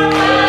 Thank you.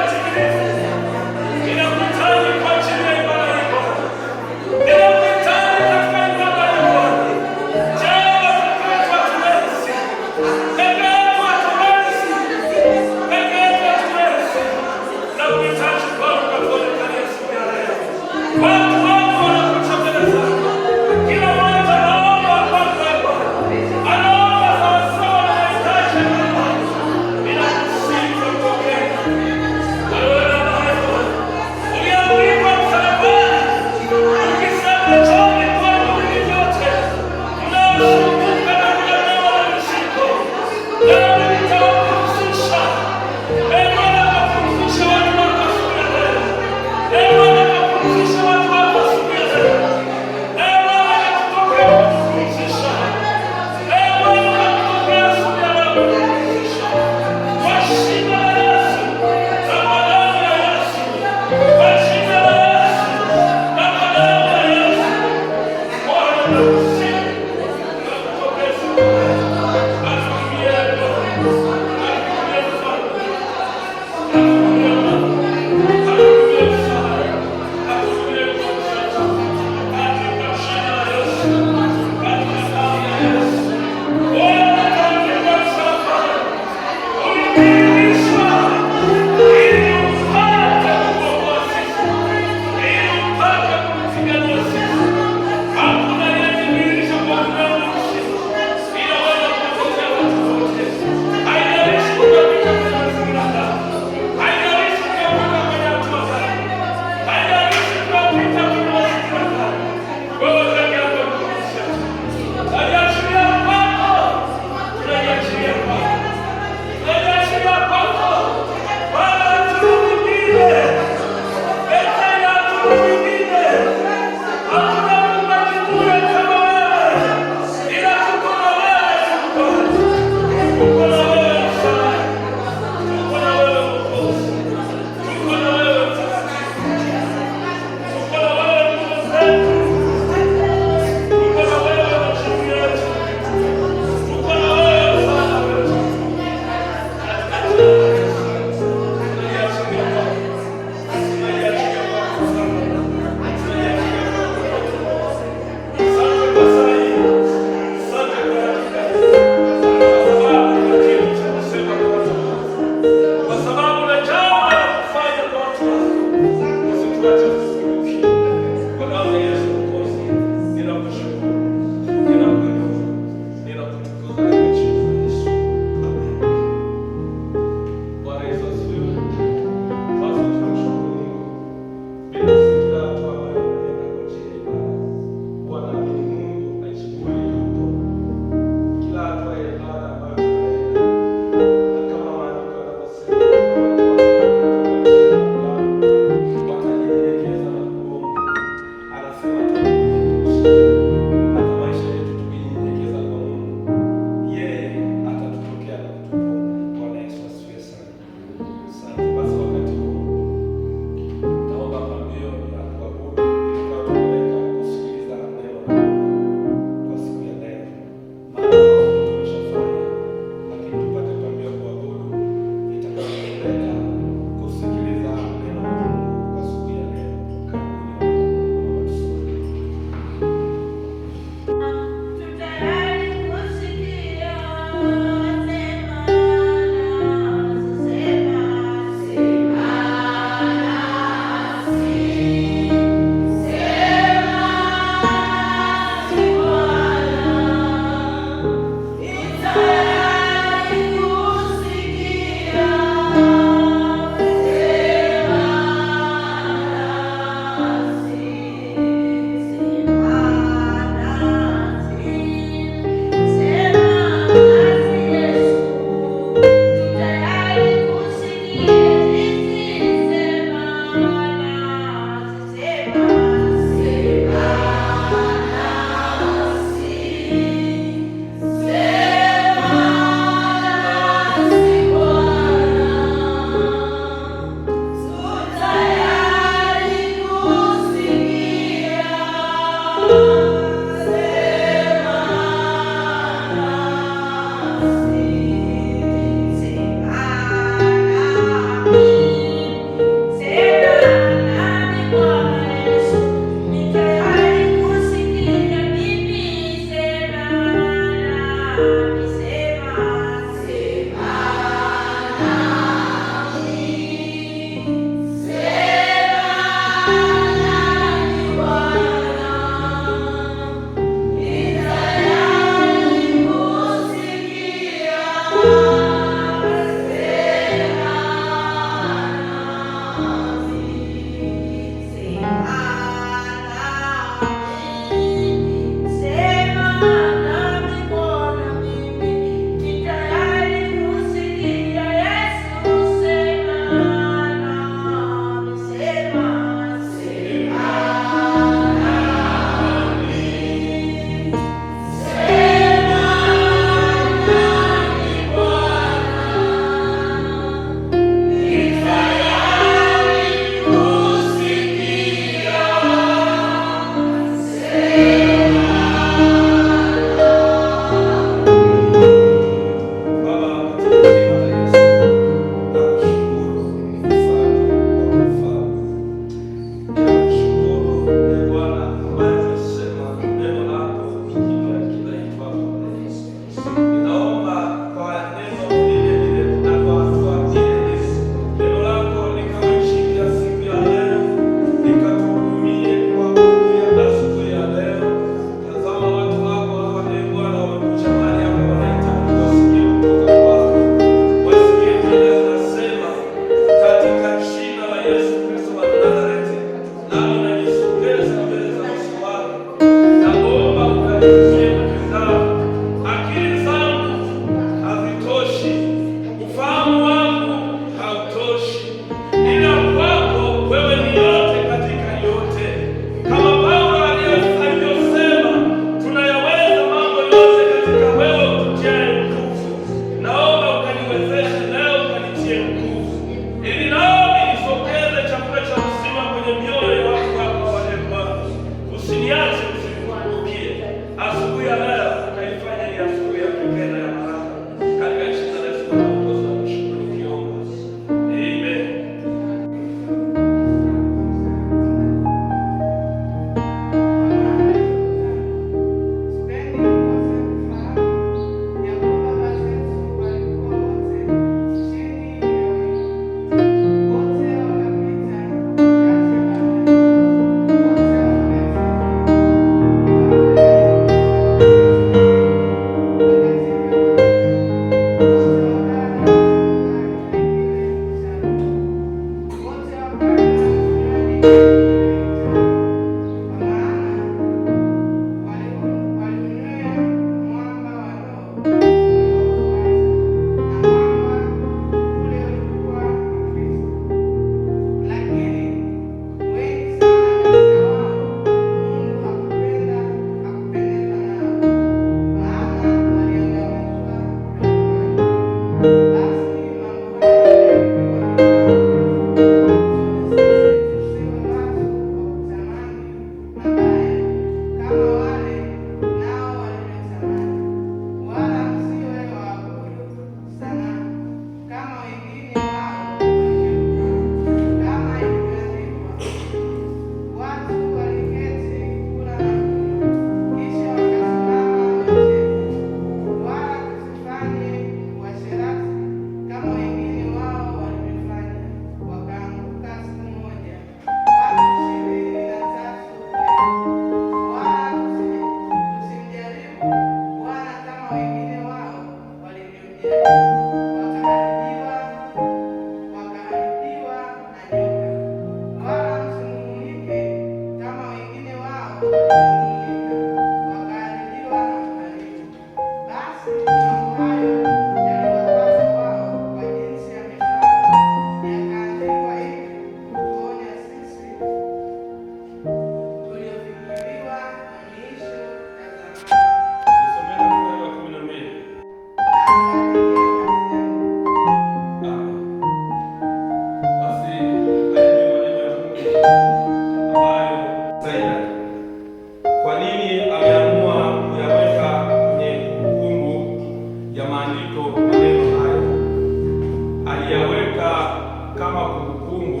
kama kumbukumbu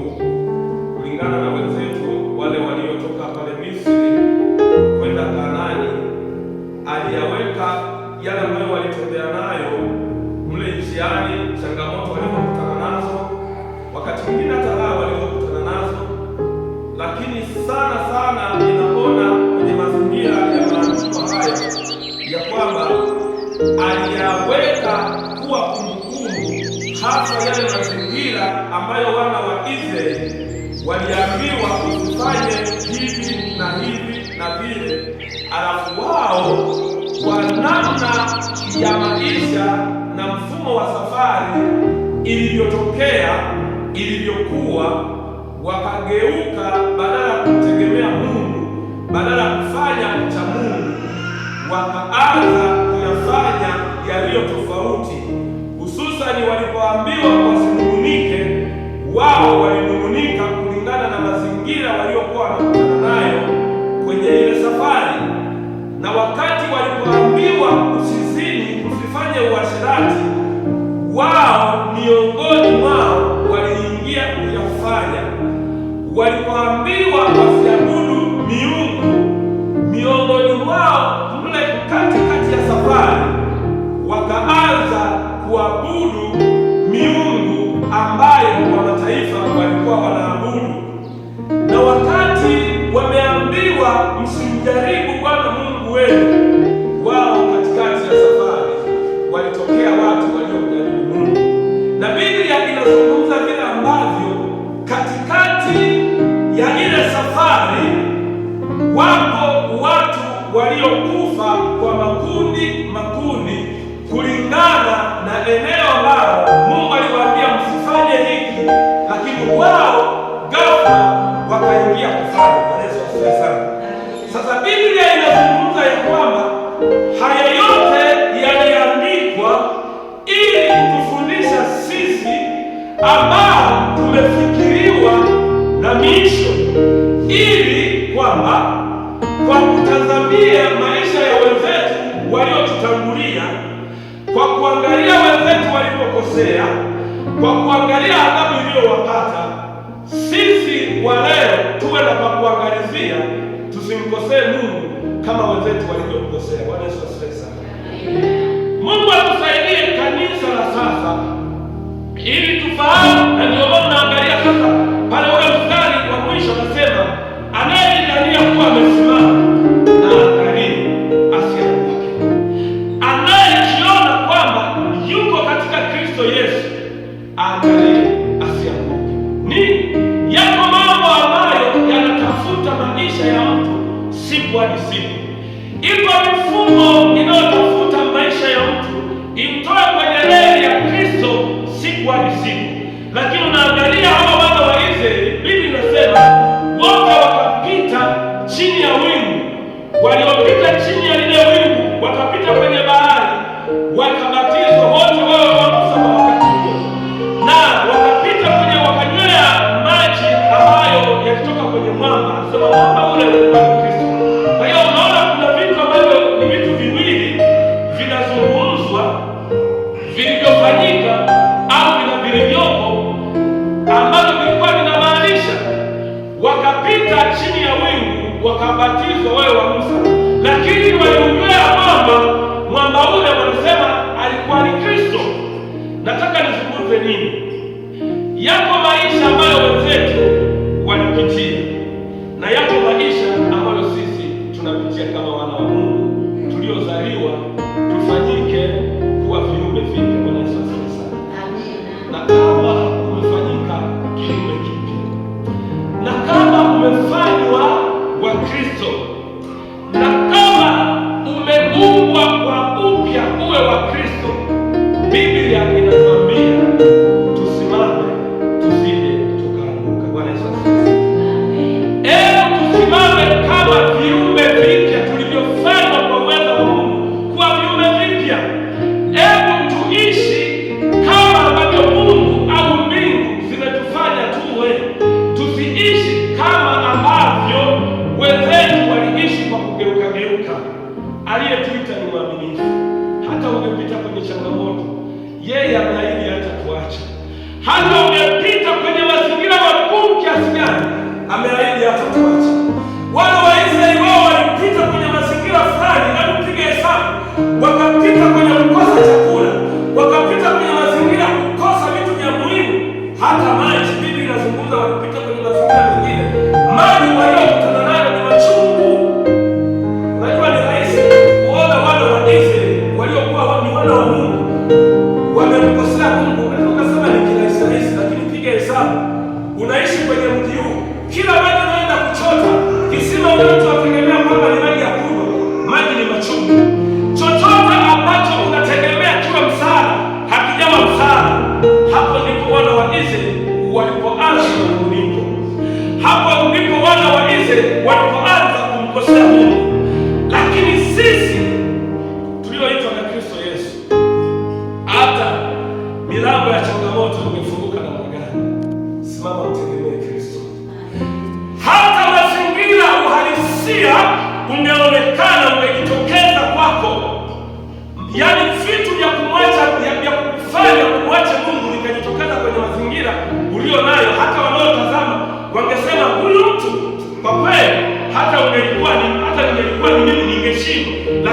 kulingana na wenzetu wale waliotoka pale Misri kwenda Kanaani, aliyaweka yale waliambiwa kufanye hivi na hivi na vile, alafu wao kwa namna ya maisha na mfumo wa safari ilivyotokea ilivyokuwa, wakageuka badala ya kumtegemea Mungu, badala ya kufanya cha Mungu wakaanza wao miongoni mwao waliingia kuyafanya. Walipoambiwa wasiabudu miungu miongoni mwao mle katikati ya safari, wakaanza kuabudu miungu ambayo wa mataifa walikuwa wanaabudu na wakati ili kwamba kwa kutazamia maisha ya wenzetu waliotutangulia, kwa kuangalia wenzetu walipokosea, kwa kuangalia adhabu iliyowapata, sisi wa leo tuwe na pakuangalizia, tusimkosee Mungu kama wenzetu walivyomkosea. Bwana Yesu asifiwe sana. Mungu atusaidie kanisa la sasa ili tufahamu ukabatizwa wewe wa Musa, lakini waliongea kwamba mwamba ule wanasema alikuwa ni Kristo. Nataka nizungumze nini? Yako maisha ambayo ¡Gracias!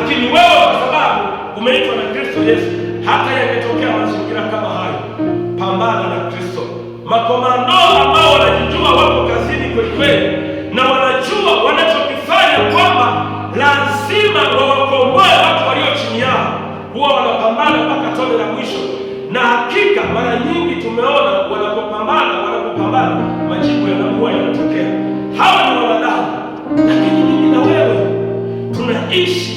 Lakini wewe kwa sababu umeitwa na Kristo Yesu, hata yametokea mazingira kama hayo, pambana na Kristo. Makomando ambao wanajijua wako kazini kweli kweli na wanajua wanachokifanya kwamba lazima wawakomboe watu walio chini yao, huwa wanapambana mpaka tone la mwisho, na hakika mara nyingi tumeona wanapopambana, wanapopambana majibu yanakuwa yanatokea. Hawa ni wanadamu, lakini mimi na wewe tunaishi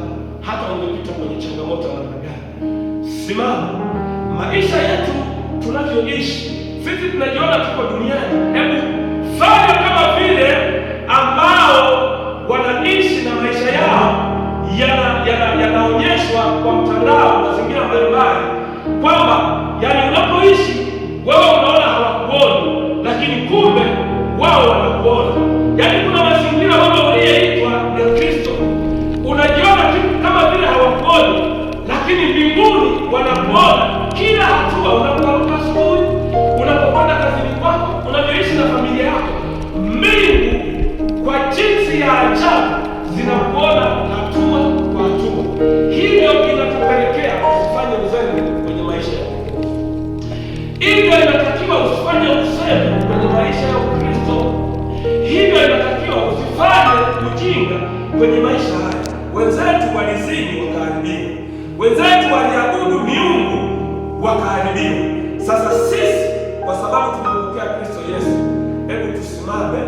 umepita kwenye changamoto namna gani. Simama. Maisha yetu tunavyoishi sisi tunajiona tuko duniani, hebu fanya kama vile ambao wanaishi na maisha yao yanaonyeshwa yana, yana kwa mtandao, mazingira mbalimbali, kwamba yani unapoishi wewe usifanye usemo kwenye maisha ya Ukristo. Hivyo inatakiwa usifanye ujinga kwenye maisha haya. Wenzetu walizini wakaharibiwa, wenzetu waliabudu miungu wakaharibiwa. Sasa sisi kwa sababu tumempokea Kristo Yesu, hebu tusimame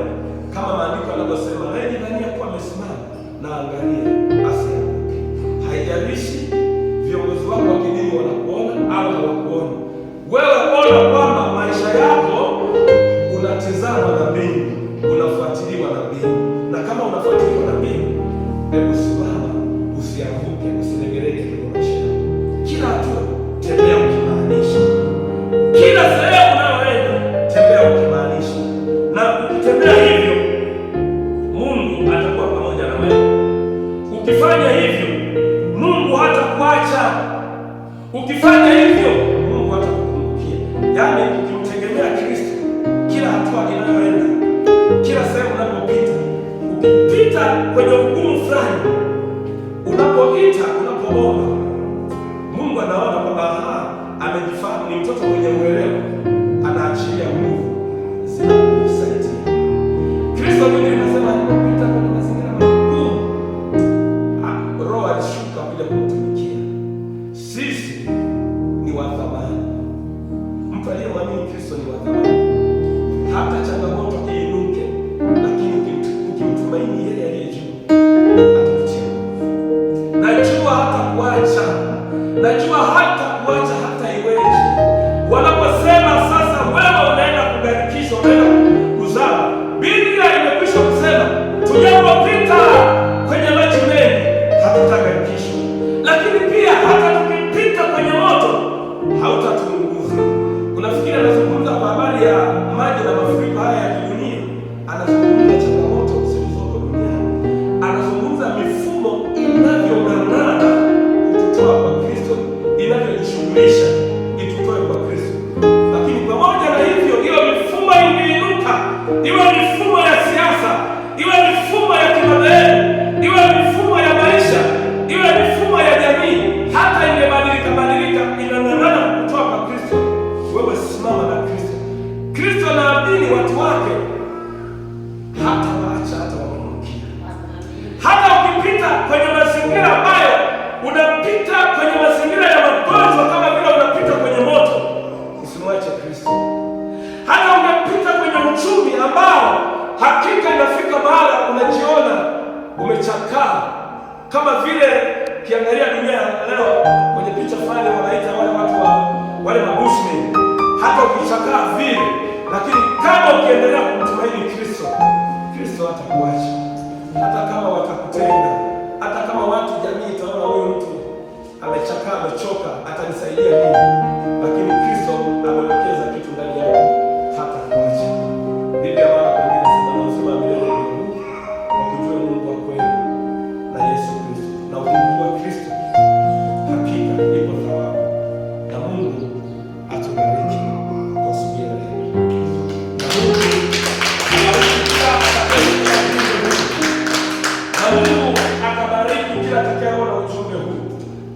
kama maandiko yanavyosema, nayejiania kuwa amesimama na angalia afya. Haijalishi viongozi wako wa kidini wanakuona au hawakuona wewe ona kwamba maisha yako unatizama na mimi, unafuatiliwa na mimi. na kama unafuatiliwa na mimi, hebu simama, usianguke, usilegeleke kwa maisha yako. Kila hatua tembea ukimaanisha, kila sehemu unayoenda tembea ukimaanisha, na ukitembea hivyo Mungu atakuwa pamoja na wewe. Ukifanya hivyo Mungu hatakuacha. Ukifanya hivyo Yaani ukimtegemea Kristo, kila hatua inayoenda, kila sehemu unapopita, ukipita kwenye ugumu fulani, unapoita, unapoomba, Mungu anaona kwamba amejifahamu, ni mtoto mwenye uelewa, anaachilia nguvu zinakusaidia Kristo mwenyewe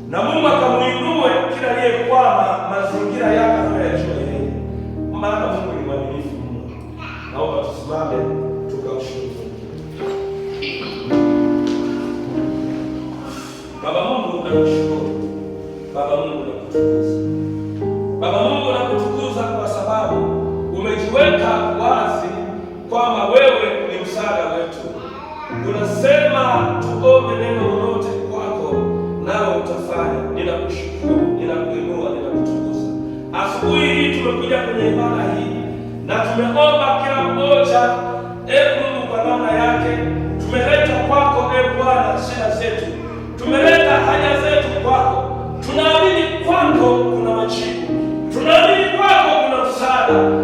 na Mungu akamuinue kila aliyekwama mazingira yako yajue, maana Mungu ni mwaminifu mno. Naomba tusimame tukamshukuru Baba Mungu. Nakushukuru Baba Mungu, nakutukuza Baba Mungu, nakutukuza kwa sababu umejiweka wazi kwamba wewe ni msaada wetu. Unasema tuombe neno na tumeomba kila mmoja, e Mungu, kwa namna yake. Tumeleta kwako e Bwana shida zetu, tumeleta haja zetu kwako. Tunaamini kwako kuna majibu, tunaamini kwako kuna msaada